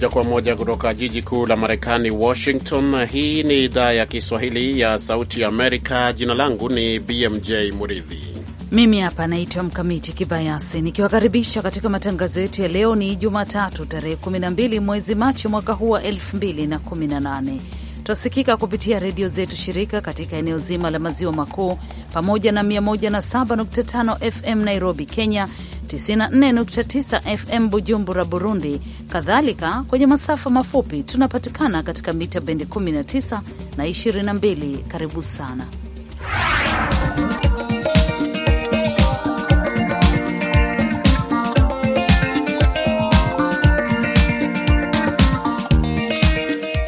moja kwa moja kutoka jiji kuu la Marekani, Washington. Hii ni idhaa ya Kiswahili ya Sauti ya Amerika. Jina langu ni BMJ Muridhi. Mimi hapa naitwa Mkamiti Kibayasi nikiwakaribisha katika matangazo yetu ya leo. Ni Jumatatu tarehe 12 mwezi Machi mwaka huu wa 2018. tasikika kupitia redio zetu shirika katika eneo zima la maziwa makuu pamoja na 107.5 FM Nairobi, Kenya 94.9 FM Bujumbura, Burundi. Kadhalika kwenye masafa mafupi tunapatikana katika mita bendi 19 na 22. Karibu sana.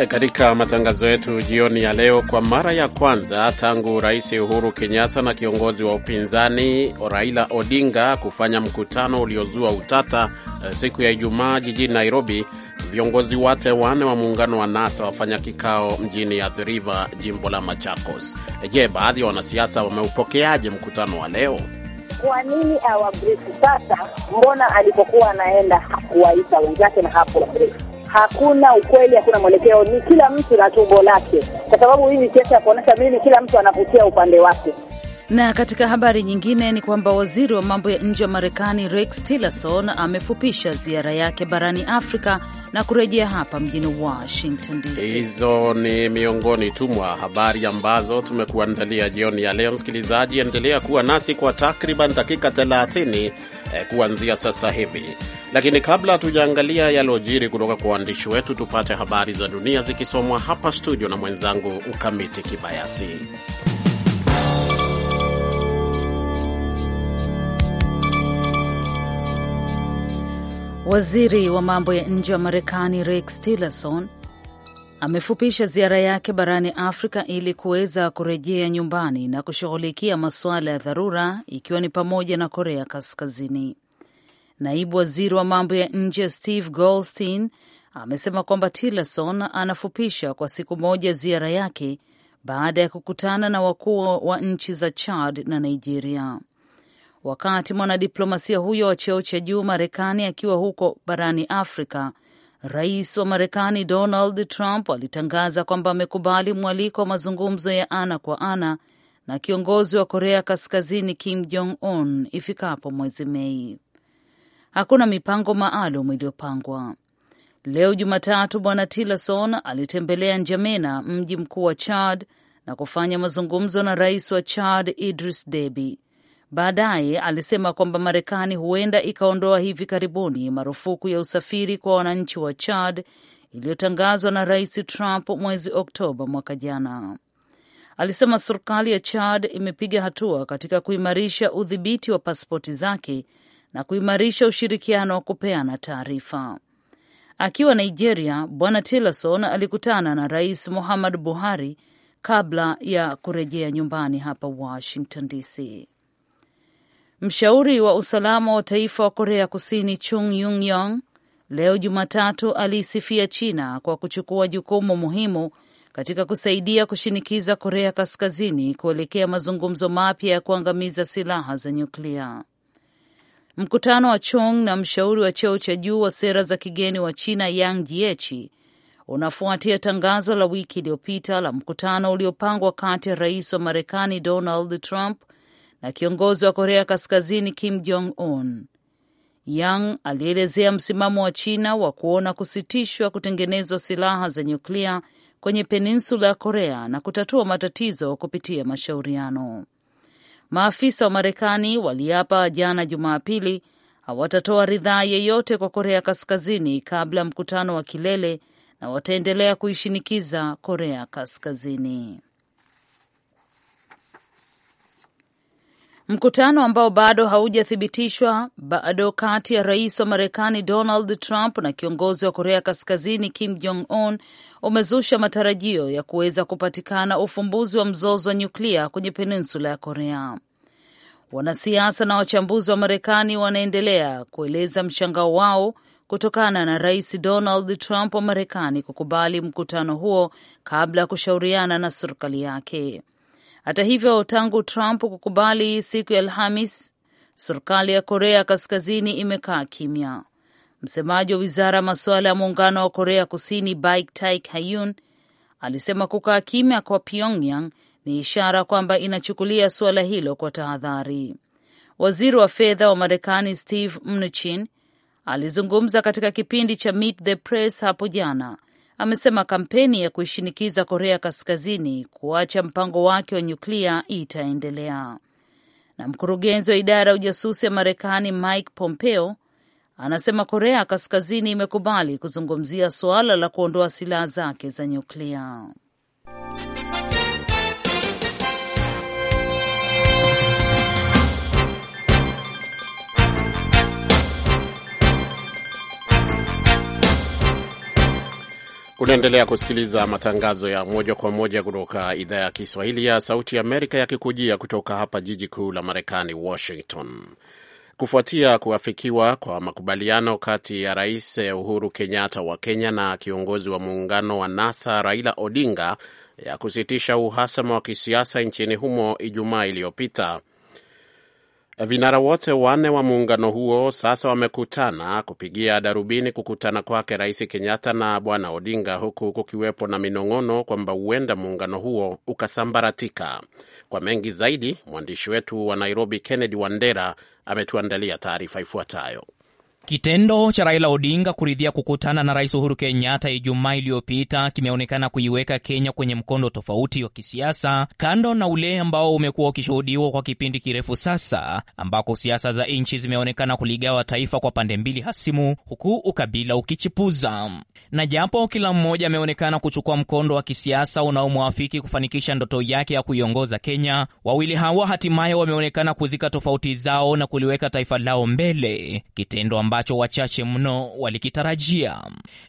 Eh, katika matangazo yetu jioni ya leo. Kwa mara ya kwanza tangu Rais Uhuru Kenyatta na kiongozi wa upinzani Raila Odinga kufanya mkutano uliozua utata eh, siku ya Ijumaa jijini Nairobi, viongozi wote wanne wa muungano wa NASA wafanya kikao mjini Athi River, jimbo la Machakos. Eh, je, baadhi ya wanasiasa wameupokeaje mkutano wa leo? Kwa nini awabrifu sasa? Mbona alipokuwa anaenda hakuwaita wenzake na hapo hakuna ukweli, hakuna mwelekeo, ni kila mtu na tumbo lake, kwa sababu hii ni siasa ya kuonesha mimi, kila mtu anavutia upande wake. Na katika habari nyingine ni kwamba waziri wa mambo ya nje wa Marekani Rex Tillerson amefupisha ziara yake barani Afrika na kurejea hapa mjini Washington DC. Hizo ni miongoni tu mwa habari ambazo tumekuandalia jioni ya leo. Msikilizaji, endelea kuwa nasi kwa takriban dakika 30 eh, kuanzia sasa hivi, lakini kabla hatujaangalia yalojiri kutoka kwa waandishi wetu, tupate habari za dunia zikisomwa hapa studio na mwenzangu Ukamiti Kibayasi. Waziri wa mambo ya nje wa Marekani Rex Tillerson amefupisha ziara yake barani Afrika ili kuweza kurejea nyumbani na kushughulikia masuala ya dharura ikiwa ni pamoja na Korea Kaskazini. Naibu waziri wa mambo ya nje Steve Goldstein amesema kwamba Tillerson anafupisha kwa siku moja ziara yake baada ya kukutana na wakuu wa nchi za Chad na Nigeria. Wakati mwanadiplomasia huyo wa cheo cha juu Marekani akiwa huko barani Afrika, Rais wa Marekani Donald Trump alitangaza kwamba amekubali mwaliko wa mazungumzo ya ana kwa ana na kiongozi wa Korea Kaskazini Kim Jong Un ifikapo mwezi Mei. Hakuna mipango maalum iliyopangwa. Leo Jumatatu, Bwana Tillerson alitembelea Njamena, mji mkuu wa Chad, na kufanya mazungumzo na rais wa Chad Idris Deby. Baadaye alisema kwamba Marekani huenda ikaondoa hivi karibuni marufuku ya usafiri kwa wananchi wa Chad iliyotangazwa na Rais Trump mwezi Oktoba mwaka jana. Alisema serikali ya Chad imepiga hatua katika kuimarisha udhibiti wa pasipoti zake na kuimarisha ushirikiano wa kupeana taarifa. Akiwa Nigeria, Bwana Tillerson alikutana na Rais muhamad Buhari kabla ya kurejea nyumbani hapa Washington DC. Mshauri wa usalama wa taifa wa Korea Kusini Chung Yung-yong leo Jumatatu aliisifia China kwa kuchukua jukumu muhimu katika kusaidia kushinikiza Korea Kaskazini kuelekea mazungumzo mapya ya kuangamiza silaha za nyuklia. Mkutano wa Chung na mshauri wa cheo cha juu wa sera za kigeni wa China Yang Jiechi unafuatia tangazo la wiki iliyopita la mkutano uliopangwa kati ya rais wa Marekani Donald Trump na kiongozi wa Korea Kaskazini Kim Jong Un. Yang alielezea msimamo wa China wa kuona kusitishwa kutengenezwa silaha za nyuklia kwenye peninsula ya Korea na kutatua matatizo kupitia mashauriano. Maafisa wa Marekani waliapa jana Jumapili hawatatoa ridhaa yeyote kwa Korea Kaskazini kabla ya mkutano wa kilele na wataendelea kuishinikiza Korea Kaskazini. mkutano ambao bado haujathibitishwa bado kati ya rais wa Marekani Donald Trump na kiongozi wa Korea Kaskazini Kim Jong Un umezusha matarajio ya kuweza kupatikana ufumbuzi wa mzozo wa nyuklia kwenye peninsula ya Korea. Wanasiasa na wachambuzi wa Marekani wanaendelea kueleza mshangao wao kutokana na rais Donald Trump wa Marekani kukubali mkutano huo kabla ya kushauriana na serikali yake. Hata hivyo, tangu Trump kukubali siku ya Alhamis, serikali ya Korea Kaskazini imekaa kimya. Msemaji wa wizara ya masuala ya muungano wa Korea Kusini Baik tik Hayun alisema kukaa kimya kwa Pyongyang ni ishara kwamba inachukulia suala hilo kwa tahadhari. Waziri wa fedha wa Marekani Steve Mnuchin alizungumza katika kipindi cha Meet the Press hapo jana amesema kampeni ya kuishinikiza Korea Kaskazini kuacha mpango wake wa nyuklia itaendelea. Na mkurugenzi wa idara ya ujasusi ya Marekani Mike Pompeo anasema Korea Kaskazini imekubali kuzungumzia suala la kuondoa silaha zake za nyuklia. Unaendelea kusikiliza matangazo ya moja kwa moja kutoka idhaa ya Kiswahili ya Sauti Amerika yakikujia kutoka hapa jiji kuu la Marekani, Washington. Kufuatia kuafikiwa kwa makubaliano kati ya Rais Uhuru Kenyatta wa Kenya na kiongozi wa muungano wa NASA Raila Odinga ya kusitisha uhasama wa kisiasa nchini humo Ijumaa iliyopita Vinara wote wanne wa muungano huo sasa wamekutana kupigia darubini kukutana kwake Rais Kenyatta na Bwana Odinga, huku kukiwepo na minong'ono kwamba huenda muungano huo ukasambaratika. Kwa mengi zaidi, mwandishi wetu wa Nairobi Kennedy Wandera ametuandalia taarifa ifuatayo. Kitendo cha Raila Odinga kuridhia kukutana na Rais Uhuru Kenyatta Ijumaa iliyopita kimeonekana kuiweka Kenya kwenye mkondo tofauti wa kisiasa, kando na ule ambao umekuwa ukishuhudiwa kwa kipindi kirefu sasa, ambako siasa za nchi zimeonekana kuligawa taifa kwa pande mbili hasimu, huku ukabila ukichipuza. Na japo kila mmoja ameonekana kuchukua mkondo wa kisiasa unaomwafiki kufanikisha ndoto yake ya kuiongoza Kenya, wawili hawa hatimaye wameonekana kuzika tofauti zao na kuliweka taifa lao mbele, kitendo ambacho wachache mno walikitarajia,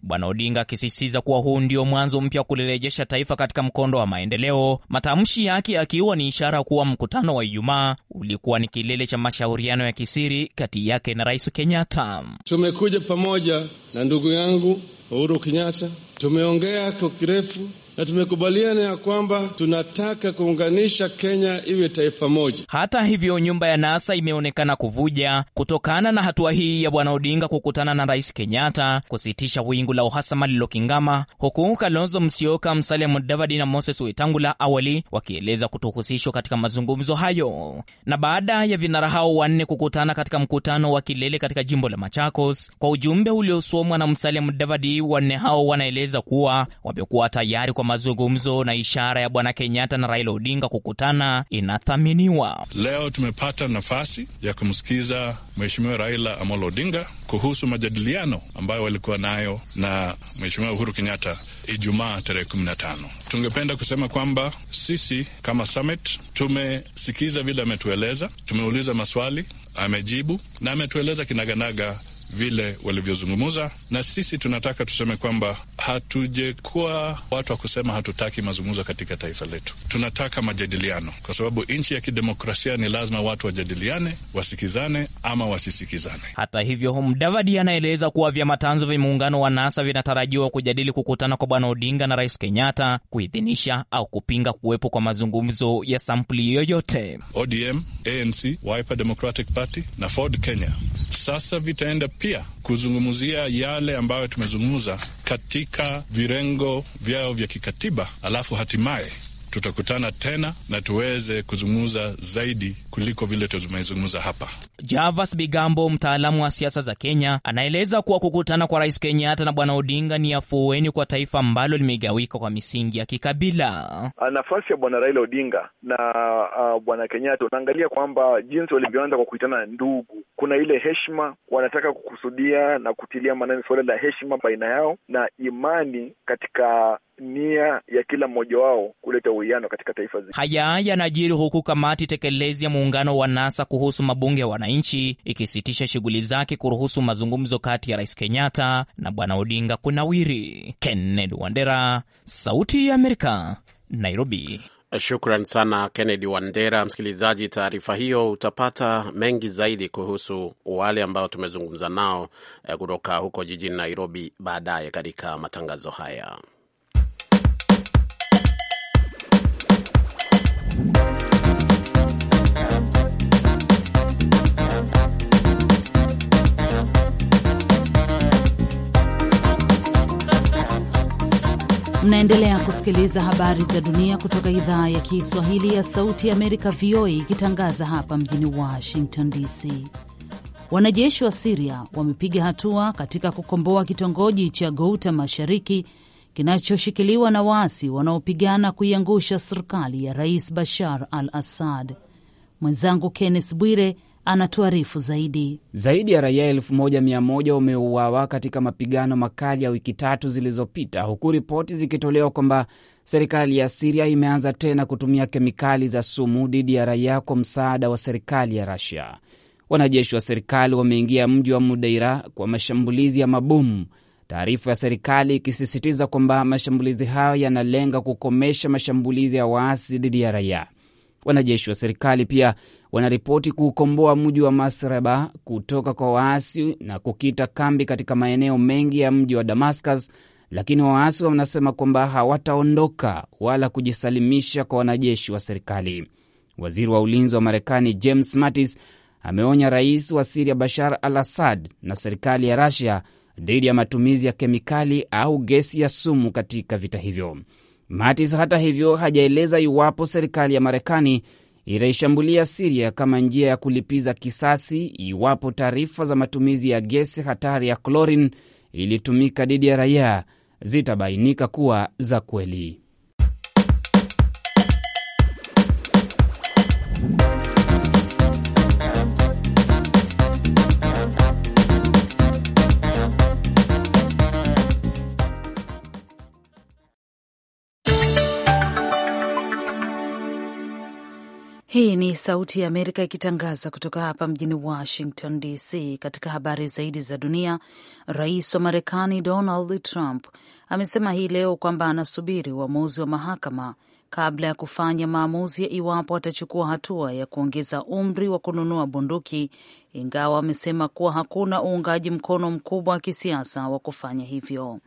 Bwana Odinga akisisitiza kuwa huu ndio mwanzo mpya wa kulirejesha taifa katika mkondo wa maendeleo, matamshi yake akiwa ni ishara kuwa mkutano wa Ijumaa ulikuwa ni kilele cha mashauriano ya kisiri kati yake na Rais Kenyatta. Tumekuja pamoja na ndugu yangu Uhuru Kenyatta, tumeongea kwa kirefu na tumekubaliana ya kwamba tunataka kuunganisha Kenya iwe taifa moja. Hata hivyo, nyumba ya NASA imeonekana kuvuja kutokana na hatua hii ya Bwana Odinga kukutana na Rais Kenyatta kusitisha wingu la uhasama lililokingama, huku Kalonzo Musyoka, Musalia Mudavadi na Moses Wetangula awali wakieleza kutohusishwa katika mazungumzo hayo. Na baada ya vinara hao wanne kukutana katika mkutano wa kilele katika jimbo la Machakos, kwa ujumbe uliosomwa na Musalia Mudavadi, wanne hao wanaeleza kuwa wamekuwa tayari kwa kwa mazungumzo na ishara ya Bwana Kenyatta na Raila Odinga kukutana inathaminiwa. Leo tumepata nafasi ya kumsikiza Mheshimiwa Raila Amolo Odinga kuhusu majadiliano ambayo walikuwa nayo na Mheshimiwa Uhuru Kenyatta Ijumaa tarehe 15. Tungependa kusema kwamba sisi kama summit tumesikiza vile ametueleza, tumeuliza maswali, amejibu na ametueleza kinaganaga vile walivyozungumza, na sisi tunataka tuseme kwamba hatujekuwa watu wa kusema hatutaki mazungumzo katika taifa letu. Tunataka majadiliano, kwa sababu nchi ya kidemokrasia ni lazima watu wajadiliane, wasikizane ama wasisikizane. Hata hivyo, Mdavadi anaeleza kuwa vyama tanzo vya muungano wa NASA vinatarajiwa kujadili kukutana kwa Bwana Odinga na Rais Kenyatta kuidhinisha au kupinga kuwepo kwa mazungumzo ya sampuli yoyote. ODM, ANC, Wiper Democratic Party na Ford Kenya sasa vitaenda pia kuzungumzia yale ambayo tumezungumza katika virengo vyao vya kikatiba, alafu hatimaye tutakutana tena na tuweze kuzungumza zaidi kuliko vile tumezungumza hapa. Javas Bigambo, mtaalamu wa siasa za Kenya, anaeleza kuwa kukutana kwa Rais Kenyatta na Bwana Odinga ni afueni kwa taifa ambalo limegawika kwa misingi ya kikabila. Ah, nafasi ya Bwana Raila Odinga na uh, Bwana Kenyatta, unaangalia kwamba jinsi walivyoanza kwa kuitana ndugu, kuna ile heshima wanataka kukusudia na kutilia maanani suala la heshima baina yao na imani katika nia ya kila mmoja wao kuleta uwiano katika taifa zima. Haya yanajiri huku kamati tekelezi ya muungano wa NASA kuhusu mabunge ya wananchi ikisitisha shughuli zake kuruhusu mazungumzo kati ya Rais Kenyatta na Bwana Odinga kunawiri. Kennedy Wandera, Sauti ya Amerika, Nairobi. Shukran sana Kennedy Wandera. Msikilizaji, taarifa hiyo utapata mengi zaidi kuhusu wale ambao tumezungumza nao eh, kutoka huko jijini Nairobi baadaye katika matangazo haya. Mnaendelea kusikiliza habari za dunia kutoka idhaa ya Kiswahili ya Sauti ya Amerika, VOA, ikitangaza hapa mjini Washington DC. Wanajeshi wa Siria wamepiga hatua katika kukomboa kitongoji cha Gouta mashariki kinachoshikiliwa na waasi wanaopigana kuiangusha serikali ya Rais Bashar al Assad. Mwenzangu kennes Bwire anatuarifu zaidi. Zaidi ya raia elfu moja mia moja wameuawa katika mapigano makali ya wiki tatu zilizopita, huku ripoti zikitolewa kwamba serikali ya Siria imeanza tena kutumia kemikali za sumu dhidi ya raia kwa msaada wa serikali ya Rasia. Wanajeshi wa serikali wameingia mji wa Mudeira kwa mashambulizi ya mabomu taarifa ya serikali ikisisitiza kwamba mashambulizi hayo yanalenga kukomesha mashambulizi ya waasi dhidi ya raia. Wanajeshi wa serikali pia wanaripoti kuukomboa mji wa Masraba kutoka kwa waasi na kukita kambi katika maeneo mengi ya mji wa Damascus, lakini waasi wanasema kwamba hawataondoka wala kujisalimisha kwa wanajeshi wa serikali. Waziri wa ulinzi wa Marekani James Mattis ameonya rais wa Siria Bashar al Assad na serikali ya Rusia dhidi ya matumizi ya kemikali au gesi ya sumu katika vita hivyo. Mattis hata hivyo hajaeleza iwapo serikali ya Marekani itaishambulia Siria kama njia ya kulipiza kisasi iwapo taarifa za matumizi ya gesi hatari ya klorini ilitumika dhidi ya raia zitabainika kuwa za kweli. Hii ni Sauti ya Amerika ikitangaza kutoka hapa mjini Washington DC. Katika habari zaidi za dunia, rais wa Marekani Donald Trump amesema hii leo kwamba anasubiri uamuzi wa mahakama kabla ya kufanya maamuzi ya iwapo atachukua hatua ya kuongeza umri wa kununua bunduki, ingawa amesema kuwa hakuna uungaji mkono mkubwa wa kisiasa wa kufanya hivyo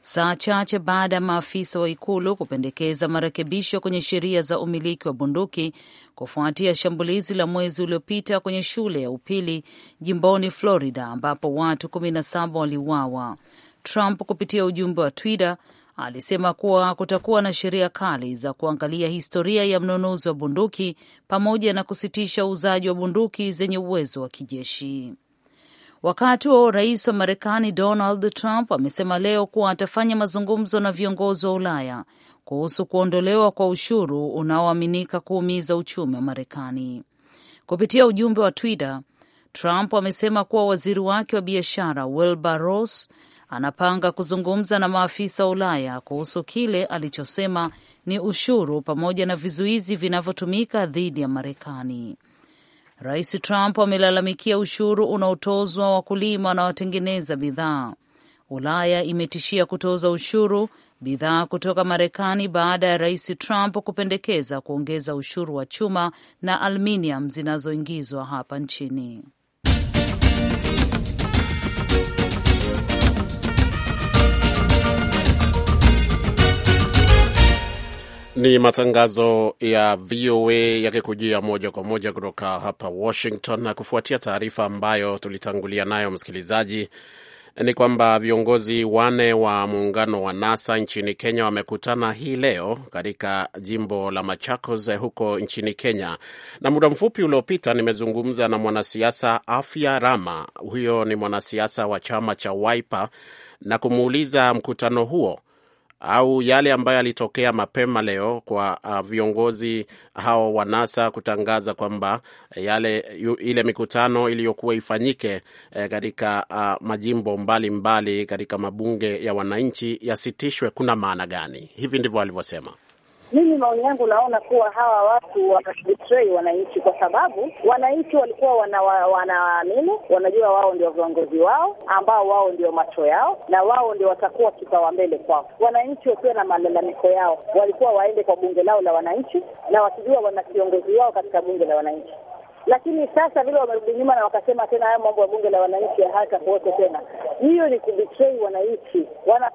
saa chache baada ya maafisa wa ikulu kupendekeza marekebisho kwenye sheria za umiliki wa bunduki kufuatia shambulizi la mwezi uliopita kwenye shule ya upili jimboni Florida ambapo watu 17 waliuawa. Trump kupitia ujumbe wa Twitter alisema kuwa kutakuwa na sheria kali za kuangalia historia ya mnunuzi wa bunduki pamoja na kusitisha uuzaji wa bunduki zenye uwezo wa kijeshi. Wakati huo rais wa Marekani Donald Trump amesema leo kuwa atafanya mazungumzo na viongozi wa Ulaya kuhusu kuondolewa kwa ushuru unaoaminika kuumiza uchumi wa Marekani. Kupitia ujumbe wa Twitter, Trump amesema kuwa waziri wake wa biashara Wilbur Ross anapanga kuzungumza na maafisa wa Ulaya kuhusu kile alichosema ni ushuru pamoja na vizuizi vinavyotumika dhidi ya Marekani. Rais Trump amelalamikia ushuru unaotozwa wakulima na watengeneza bidhaa. Ulaya imetishia kutoza ushuru bidhaa kutoka Marekani baada ya rais Trump kupendekeza kuongeza ushuru wa chuma na aluminium zinazoingizwa hapa nchini. Ni matangazo ya VOA yakikujia moja kwa moja kutoka hapa Washington. Na kufuatia taarifa ambayo tulitangulia nayo, msikilizaji, ni kwamba viongozi wane wa muungano wa NASA nchini Kenya wamekutana hii leo katika jimbo la Machakos huko nchini Kenya. Na muda mfupi uliopita nimezungumza na mwanasiasa Afya Rama, huyo ni mwanasiasa wa chama cha Wiper, na kumuuliza mkutano huo au yale ambayo yalitokea mapema leo kwa uh, viongozi hao wa NASA kutangaza kwamba uh, yale yu, ile mikutano iliyokuwa ifanyike eh, katika uh, majimbo mbalimbali mbali, katika mabunge ya wananchi yasitishwe, kuna maana gani? Hivi ndivyo alivyosema. Mimi maoni yangu naona kuwa hawa watu wanabetray wananchi, kwa sababu wananchi walikuwa wanawaamini, wanajua wao ndio viongozi wao, ambao wao ndio macho yao na wao ndio watakuwa kipawa mbele kwao. Wananchi wakiwa na malalamiko yao, walikuwa waende kwa bunge lao la wananchi, na wakijua wana kiongozi wao katika bunge la wananchi lakini sasa vile wamerudi nyuma na wakasema tena haya mambo ya bunge la wananchi ya haka kuwote tena, hiyo ni kubitray wananchi.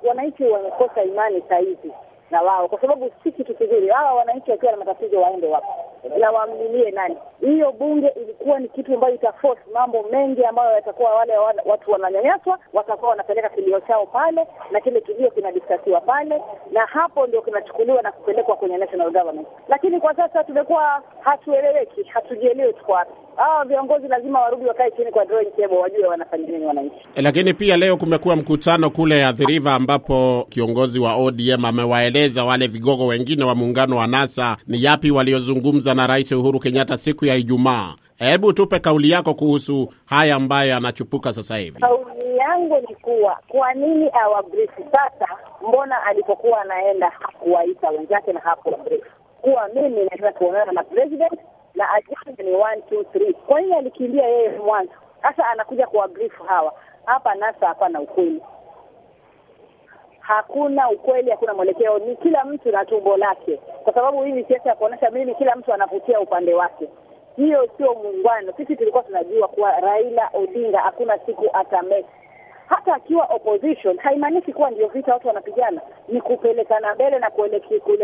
Wananchi wamekosa imani saa hizi na wao, kwa sababu si kitu kizuri. Hawa wananchi wakiwa na matatizo waende wapi na wamlilie nani? hiyo bunge ilikuwa ni kitu ambayo itaforce mambo mengi ambayo yatakuwa wale watu wananyanyaswa watakuwa wanapeleka kilio chao pale, na kile kilio kinadiskasiwa pale, na hapo ndio kinachukuliwa na kupelekwa kwenye national government. Lakini kwa sasa tumekuwa hatueleweki, hatujielewi tuko wapi. Hawa viongozi lazima warudi wakae chini kwa drawing table, wajue wanafanya nini wananchi. Eh, lakini pia leo kumekuwa mkutano kule adhiriva ambapo kiongozi wa ODM amewaeleza wale vigogo wengine wa muungano wa NASA ni yapi waliozungumza na Rais Uhuru Kenyatta siku ya ya Ijumaa. Hebu tupe kauli yako kuhusu haya ambayo yanachupuka sasa hivi. Kauli yangu ni kuwa kwa nini awabrifu sasa? Mbona alipokuwa anaenda hakuwaita wenzake na hapo kuwa mimi naenda kuonana na president na ajenda ni one two three. Kwa nini alikimbia yeye mwanzo? Sasa anakuja kuwabrifu hawa hapa. NASA hapana ukweli, hakuna ukweli, hakuna mwelekeo, ni kila mtu na tumbo lake, kwa sababu hii ni siasa ya kuonyesha mimi, kila mtu anavutia upande wake hiyo sio muungwano Sisi tulikuwa tunajua kuwa Raila Odinga hakuna siku atame hata akiwa opposition haimaanishi kuwa ndio vita watu wanapigana, ni kupelekana mbele na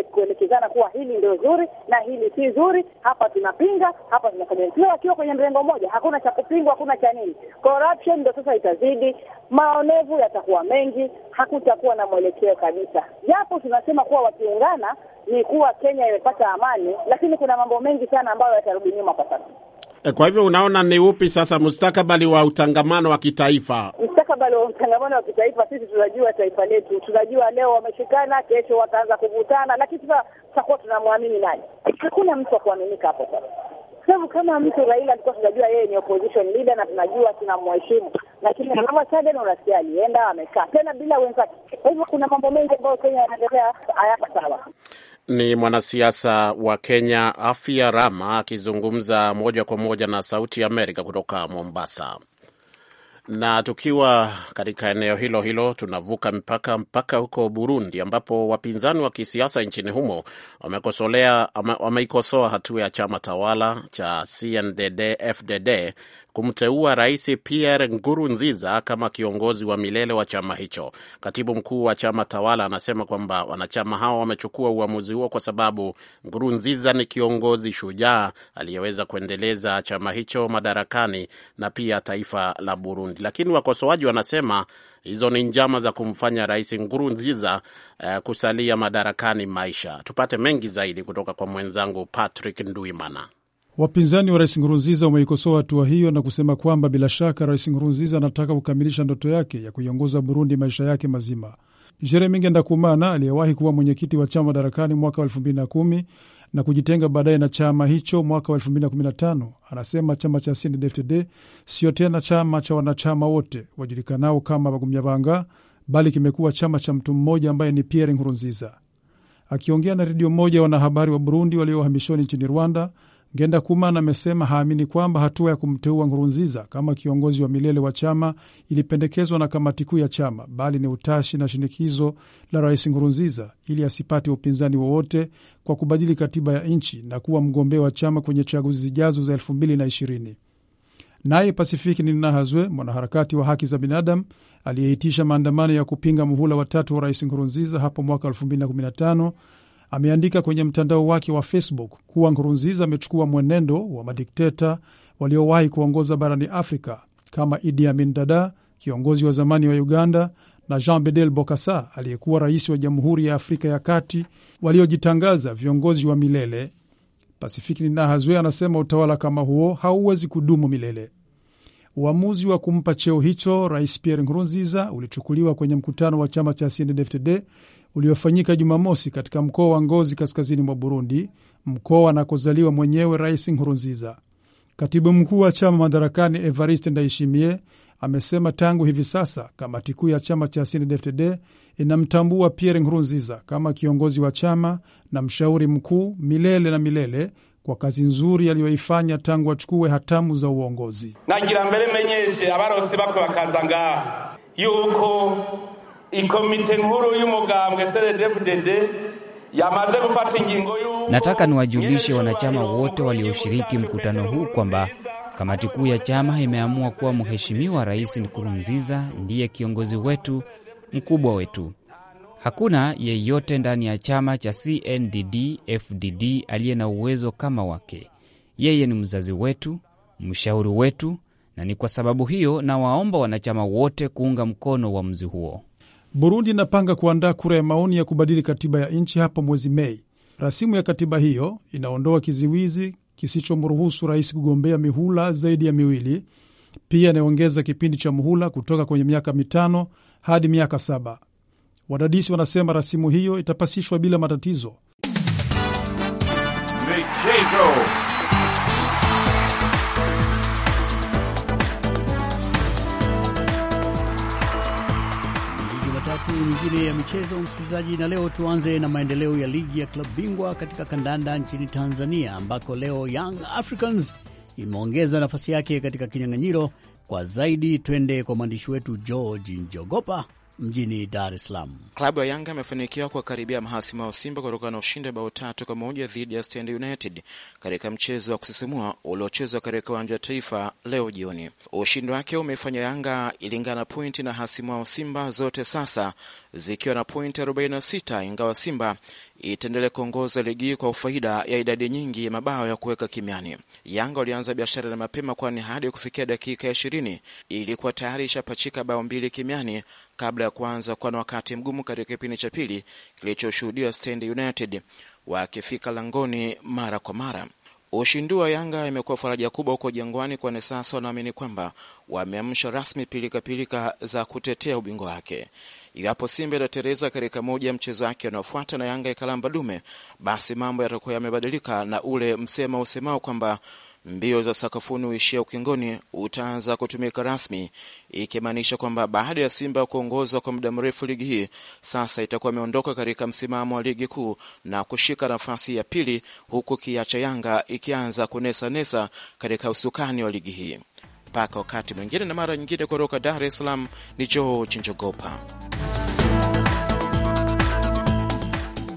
kuelekezana kuwa hili ndio zuri na hili si zuri, hapa tunapinga, hapa tunafanya. Kila wakiwa kwenye mrengo mmoja, hakuna cha kupingwa, hakuna cha nini. Corruption ndio sasa itazidi, maonevu yatakuwa mengi, hakutakuwa na mwelekeo kabisa. Japo tunasema kuwa wakiungana ni kuwa Kenya imepata amani, lakini kuna mambo mengi sana ambayo yatarudi nyuma kwa sasa. Eh, kwa hivyo unaona ni upi sasa mustakabali wa utangamano wa kitaifa? ambalo mtangamano wa kitaifa, sisi tunajua taifa letu, tunajua leo wameshikana, kesho wataanza kuvutana, lakini sasa tutakuwa tunamwamini nani? Hakuna mtu wa kuaminika hapo sasa, sababu kama mtu Raila alikuwa tunajua yeye ni opposition leader na tunajua tunamheshimu, lakini mm-hmm. kama sasa unasikia alienda amekaa tena bila wenzake. Kwa hivyo kuna mambo mengi ambayo Kenya yanaendelea hayako sawa. Ni mwanasiasa wa Kenya Afia Rama akizungumza moja kwa moja na Sauti ya Amerika kutoka Mombasa. Na tukiwa katika eneo hilo hilo, tunavuka mpaka mpaka huko Burundi, ambapo wapinzani wa kisiasa nchini humo wameikosoa hatua ya chama tawala cha CNDD FDD kumteua Rais Pierre Ngurunziza kama kiongozi wa milele wa chama hicho. Katibu mkuu wa chama tawala anasema kwamba wanachama hao wamechukua uamuzi huo kwa sababu Ngurunziza ni kiongozi shujaa aliyeweza kuendeleza chama hicho madarakani na pia taifa la Burundi, lakini wakosoaji wanasema hizo ni njama za kumfanya Rais Ngurunziza uh, eh, kusalia madarakani maisha. Tupate mengi zaidi kutoka kwa mwenzangu Patrick Nduimana. Wapinzani wa rais Nkurunziza wameikosoa hatua hiyo na kusema kwamba bila shaka rais Nkurunziza anataka kukamilisha ndoto yake ya kuiongoza Burundi maisha yake mazima. Jeremi Ngendakumana aliyewahi kuwa mwenyekiti wa chama madarakani mwaka wa 2010 na kujitenga baadaye na chama hicho mwaka wa 2015 anasema chama cha CNDD-FDD siyo tena chama cha wanachama wote wajulikanao kama Bagumyabanga, bali kimekuwa chama cha mtu mmoja ambaye ni Pierre Nkurunziza. Akiongea na redio moja ya wanahabari wa Burundi walio uhamishoni nchini Rwanda, genda kuman amesema haamini kwamba hatua ya kumteua Nkurunziza kama kiongozi wa milele wa chama ilipendekezwa na kamati kuu ya chama, bali ni utashi na shinikizo la Rais Nkurunziza ili asipate upinzani wowote kwa kubadili katiba ya nchi na kuwa mgombea wa chama kwenye chaguzi zijazo za 2020. Naye Pasifiki Ninahazwe, mwanaharakati wa haki za binadamu aliyeitisha maandamano ya kupinga muhula watatu wa Rais Nkurunziza hapo mwaka 215 ameandika kwenye mtandao wake wa Facebook kuwa Nkurunziza amechukua mwenendo wa madikteta waliowahi kuongoza barani Afrika kama Idi Amin Dada, kiongozi wa zamani wa Uganda, na Jean Bedel Bokassa, aliyekuwa rais wa Jamhuri ya Afrika ya Kati, waliojitangaza viongozi wa milele. Pasifiki Ninahazwe anasema utawala kama huo hauwezi kudumu milele. Uamuzi wa kumpa cheo hicho Rais Pierre Nkurunziza ulichukuliwa kwenye mkutano wa chama cha CNDD-FDD uliofanyika Jumamosi katika mkoa wa Ngozi kaskazini mwa Burundi, mkoa anakozaliwa mwenyewe Rais Nkurunziza. Katibu mkuu wa chama madarakani Evariste Ndayishimiye amesema tangu hivi sasa kamati kuu ya chama cha CNDD-FDD inamtambua Pierre Nkurunziza kama kiongozi wa chama na mshauri mkuu milele na milele kwa kazi nzuri aliyoifanya tangu achukue hatamu za uongozi. nagira mbere menyeshe abarosi bakwe bakazanga yuko ikomite nkuru y'umugambwe cndd yamaze gufata ingingo y'uko. Nataka niwajulishe wanachama wote walioshiriki mkutano huu kwamba kamati kuu ya chama imeamua kuwa Mheshimiwa Rais Nkurunziza ndiye kiongozi wetu mkubwa wetu. Hakuna yeyote ndani ya chama cha CNDD-FDD aliye na uwezo kama wake. Yeye ni mzazi wetu, mshauri wetu, na ni kwa sababu hiyo, na waomba wanachama wote kuunga mkono mzi huo. Burundi inapanga kuandaa kura ya maoni ya kubadili katiba ya nchi hapo mwezi Mei. Rasimu ya katiba hiyo inaondoa kiziwizi kisichomruhusu rais kugombea mihula zaidi ya miwili. Pia inaongeza kipindi cha muhula kutoka kwenye miaka mitano hadi miaka saba. Wadadisi wanasema rasimu hiyo itapasishwa bila matatizo. Michezo. siku nyingine ya michezo, msikilizaji, na leo tuanze na maendeleo ya ligi ya klabu bingwa katika kandanda nchini Tanzania, ambako leo Young Africans imeongeza nafasi yake katika kinyang'anyiro. Kwa zaidi, twende kwa mwandishi wetu George Njogopa mjini Dar es Salaam. Klabu ya Yanga imefanikiwa kuwakaribia mahasima wa Simba kutokana na ushindi wa bao tatu kwa moja dhidi ya Stand United katika mchezo wa kusisimua uliochezwa katika uwanja wa Taifa leo jioni. Ushindi wake umefanya Yanga ilingana pointi na hasimu wa Simba, zote sasa zikiwa na pointi 46 ingawa Simba itaendelea kuongoza ligi kwa ufaida ya idadi nyingi ya mabao ya kuweka kimiani. Yanga walianza biashara na mapema, kwani hadi kufikia dakika ya ishirini ilikuwa tayari ishapachika bao mbili kimiani kabla ya kuanza kuwa na wakati mgumu katika kipindi cha pili kilichoshuhudiwa Stand United wakifika langoni mara kwa mara. Ushindi wa Yanga imekuwa faraja kubwa huko Jangwani, kwani sasa wanaamini kwamba wameamsha rasmi pilikapilika pilika za kutetea ubingwa wake. Iwapo Simba itateleza katika moja ya mchezo wake unaofuata na Yanga ikalamba dume, basi mambo yatakuwa yamebadilika, na ule msema usemao kwamba mbio za sakafuni huishia ukingoni utaanza kutumika rasmi, ikimaanisha kwamba baada ya Simba kuongoza kwa muda mrefu ligi hii, sasa itakuwa imeondoka katika msimamo wa ligi kuu na kushika nafasi ya pili, huku kiacha Yanga ikianza kunesa nesa katika usukani wa ligi hii mpaka wakati mwingine na mara nyingine. Kutoka Dar es Salaam ni Choo chinjogopa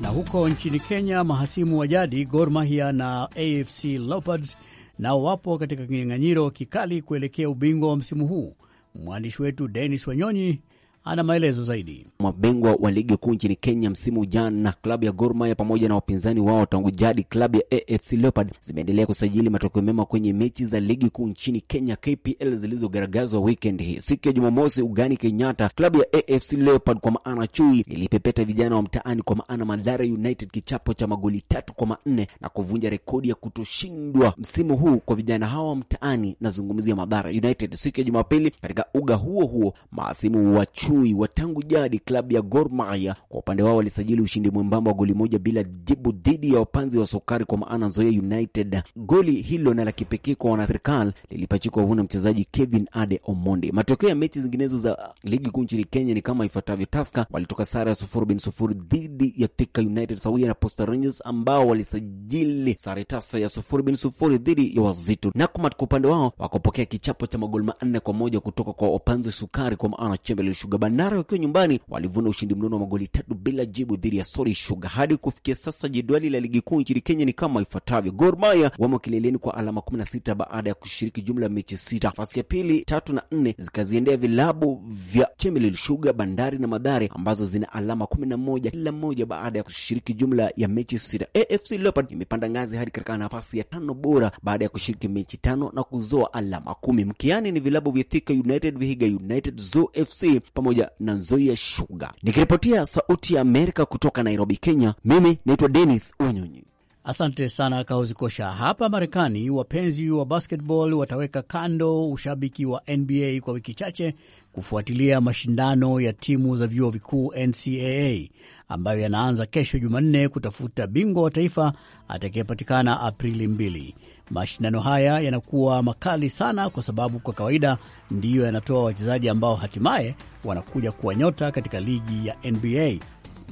Na huko nchini Kenya, mahasimu wa jadi Gor Mahia na AFC Leopards nao wapo katika kinyang'anyiro kikali kuelekea ubingwa wa msimu huu. Mwandishi wetu Denis Wanyonyi ana maelezo zaidi. Mabingwa wa ligi kuu nchini Kenya msimu jana, klabu ya Gor Mahia pamoja na wapinzani wao tangu jadi klabu ya AFC Leopard zimeendelea kusajili matokeo mema kwenye mechi za ligi kuu nchini Kenya KPL zilizogaragazwa weekend hii. Siku ya Jumamosi ugani Kenyatta, klabu ya AFC Leopard kwa maana chui ilipepeta vijana wa mtaani kwa maana madhara United kichapo cha magoli tatu kwa manne na kuvunja rekodi ya kutoshindwa msimu huu kwa vijana hawa wa mtaani. Nazungumzia Madhara United. Siku ya Jumapili katika uga huo huo maasimu wa chui maadui wa tangu jadi klabu ya Gor Mahia kwa upande wao walisajili ushindi mwembamba wa goli moja bila jibu dhidi ya wapanzi wa sukari kwa maana Nzoia United. Goli hilo na la kipekee kwa wanaserikal lilipachikwa huvuna mchezaji Kevin Ade Omondi. Matokeo ya mechi zinginezo za ligi kuu nchini Kenya ni kama ifuatavyo: Taska walitoka sare ya sufuri bin sufuri dhidi ya Thika United sawia na Posta Rangers ambao walisajili sare tasa ya sufuri bin sufuri dhidi ya Wazito. Nakumatt kwa upande wao wakapokea kichapo cha magoli manne kwa moja kutoka kwa wapanzi sukari kwa maana Chamberlain Sugar Bandari wakiwa nyumbani walivuna ushindi mnono wa magoli tatu bila jibu dhidi ya Sori Sugar. Hadi kufikia sasa jedwali la ligi kuu nchini Kenya ni kama ifuatavyo: Gor Mahia wamo kileleni kwa alama 16 baada ya kushiriki jumla ya mechi sita. Nafasi ya pili, tatu na nne zikaziendea vilabu vya Chemelil Sugar, Bandari na Madhare ambazo zina alama 11 kila moja baada ya kushiriki jumla ya mechi sita. AFC Leopards imepanda ngazi hadi katika nafasi ya tano bora baada ya kushiriki mechi tano na kuzoa alama kumi. Mkiani ni vilabu vya Thika United, Vihiga United, Zoo FC pamoja pamoja na Nzoia Shuga. Nikiripotia Sauti ya Amerika kutoka Nairobi, Kenya, mimi naitwa Denis Wanyonyi. Asante sana Kauzi Kosha. Hapa Marekani, wapenzi wa basketball wataweka kando ushabiki wa NBA kwa wiki chache kufuatilia mashindano ya timu za vyuo vikuu NCAA ambayo yanaanza kesho Jumanne kutafuta bingwa wa taifa atakayepatikana Aprili 2. Mashindano haya yanakuwa makali sana, kwa sababu kwa kawaida ndiyo yanatoa wachezaji ambao hatimaye wanakuja kuwa nyota katika ligi ya NBA.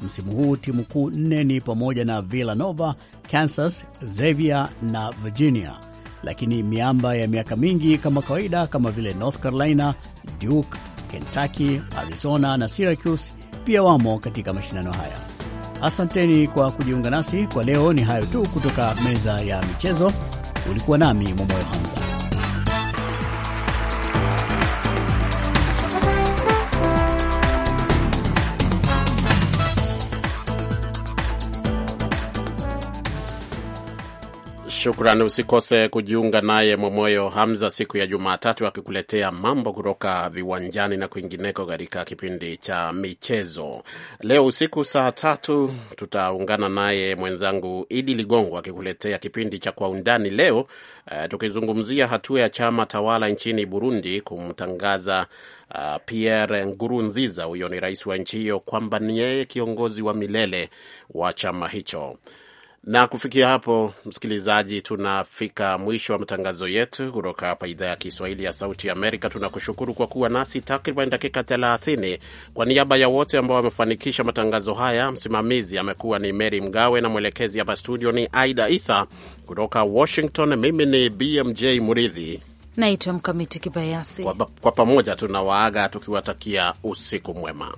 Msimu huu timu kuu nne ni pamoja na Villanova, Kansas, Xavier na Virginia, lakini miamba ya miaka mingi kama kawaida kama vile North Carolina, Duke, Kentucky, Arizona na Syracuse pia wamo katika mashindano haya. Asanteni kwa kujiunga nasi kwa leo. Ni hayo tu kutoka meza ya michezo. Ulikuwa nami Momoyo Hamza. Shukran. Usikose kujiunga naye Mwamoyo Hamza siku ya Jumatatu akikuletea mambo kutoka viwanjani na kwingineko katika kipindi cha michezo. Leo usiku saa tatu tutaungana naye mwenzangu Idi Ligongo akikuletea kipindi cha Kwa Undani leo uh, tukizungumzia hatua ya chama tawala nchini Burundi kumtangaza uh, Pierre Nkurunziza, huyo ni rais wa nchi hiyo, kwamba ni yeye kiongozi wa milele wa chama hicho. Na kufikia hapo, msikilizaji, tunafika mwisho wa matangazo yetu kutoka hapa idhaa ya Kiswahili ya Sauti ya Amerika. Tunakushukuru kwa kuwa nasi takriban dakika 30. Kwa niaba ya wote ambao wamefanikisha matangazo haya, msimamizi amekuwa ni Mary Mgawe na mwelekezi hapa studio ni Aida Isa. Kutoka Washington, mimi ni BMJ Muridhi naitwa Mkamiti Kibayasi. Kwa, kwa pamoja tunawaaga tukiwatakia usiku mwema.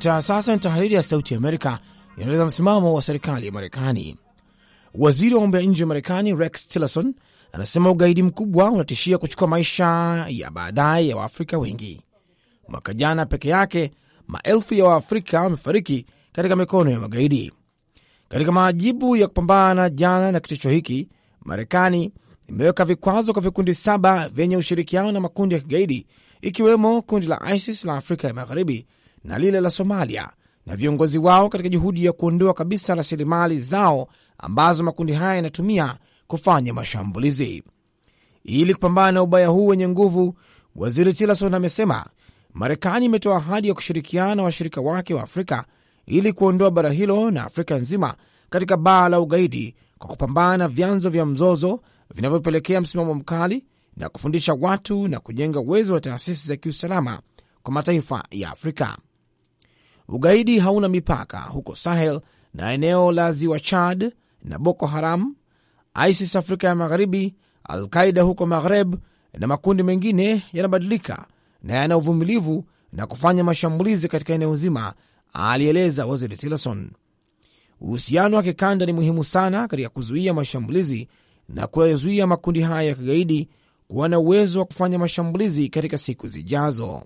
Ifuatayo sasa ni tahariri ya Sauti ya Amerika inaeleza msimamo wa serikali ya Marekani. Waziri wa mambo ya nje wa Marekani Rex Tillerson anasema ugaidi mkubwa unatishia kuchukua maisha ya baadaye ya Waafrika wengi. Mwaka jana peke yake maelfu ya Waafrika wamefariki katika mikono ya magaidi. Katika majibu ya kupambana jana na kitisho hiki, Marekani imeweka vikwazo kwa vikundi saba vyenye ushirikiano na makundi ya kigaidi, ikiwemo kundi la ISIS la Afrika ya Magharibi na lile la Somalia na viongozi wao katika juhudi ya kuondoa kabisa rasilimali zao ambazo makundi haya yanatumia kufanya mashambulizi. Ili kupambana na ubaya huu wenye nguvu, waziri Tillerson amesema Marekani imetoa ahadi ya kushirikiana na washirika wake wa Afrika ili kuondoa bara hilo na Afrika nzima katika baa la ugaidi kwa kupambana na vyanzo vya mzozo vinavyopelekea msimamo mkali na kufundisha watu na kujenga uwezo wa taasisi za kiusalama kwa mataifa ya Afrika. Ugaidi hauna mipaka huko Sahel na eneo la ziwa Chad na Boko Haram, ISIS Afrika ya Magharibi, Qaida huko Maghreb na makundi mengine yanabadilika na yana uvumilivu na kufanya mashambulizi katika eneo zima, alieleza waziri Tillerson. Uhusiano wa kikanda ni muhimu sana katika kuzuia mashambulizi na kuyazuia makundi haya ya kigaidi kuwa na uwezo wa kufanya mashambulizi katika siku zijazo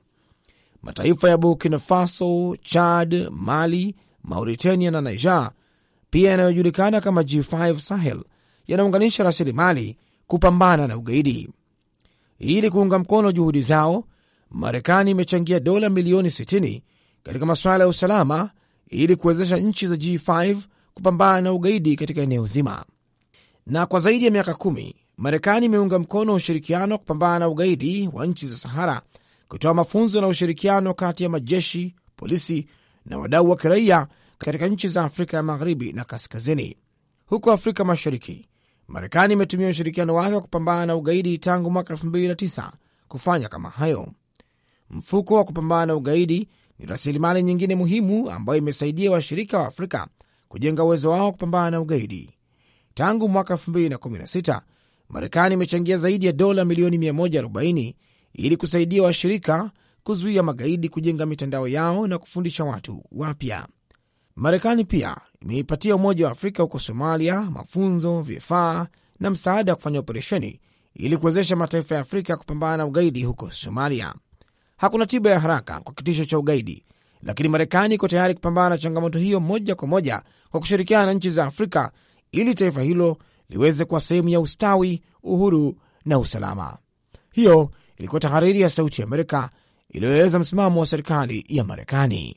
mataifa ya Burkina Faso, Chad, Mali, Mauritania na Niger pia yanayojulikana kama G5 Sahel yanaunganisha rasilimali kupambana na ugaidi. Ili kuunga mkono juhudi zao, Marekani imechangia dola milioni 60 katika masuala ya usalama ili kuwezesha nchi za G5 kupambana na ugaidi katika eneo zima. Na kwa zaidi ya miaka kumi, Marekani imeunga mkono ushirikiano wa kupambana na ugaidi wa nchi za Sahara kutoa mafunzo na ushirikiano kati ya majeshi, polisi na wadau wa kiraia katika nchi za Afrika ya magharibi na kaskazini. Huko Afrika Mashariki, Marekani imetumia ushirikiano wake wa kupambana na ugaidi tangu mwaka 2009 kufanya kama hayo. Mfuko wa kupambana na ugaidi ni rasilimali nyingine muhimu ambayo imesaidia washirika wa Afrika kujenga uwezo wao wa kupambana na ugaidi. Tangu mwaka 2016 Marekani imechangia zaidi ya dola milioni ili kusaidia washirika kuzuia magaidi kujenga mitandao yao na kufundisha watu wapya. Marekani pia imeipatia Umoja wa Afrika huko Somalia mafunzo, vifaa na msaada wa kufanya operesheni ili kuwezesha mataifa ya Afrika kupambana na ugaidi huko Somalia. Hakuna tiba ya haraka kwa kitisho cha ugaidi, lakini Marekani iko tayari kupambana na changamoto hiyo moja kwa moja kwa kushirikiana na nchi za Afrika ili taifa hilo liweze kuwa sehemu ya ustawi, uhuru na usalama. Hiyo ilikuwa tahariri ya Sauti ya Amerika iliyoeleza msimamo wa serikali ya Marekani.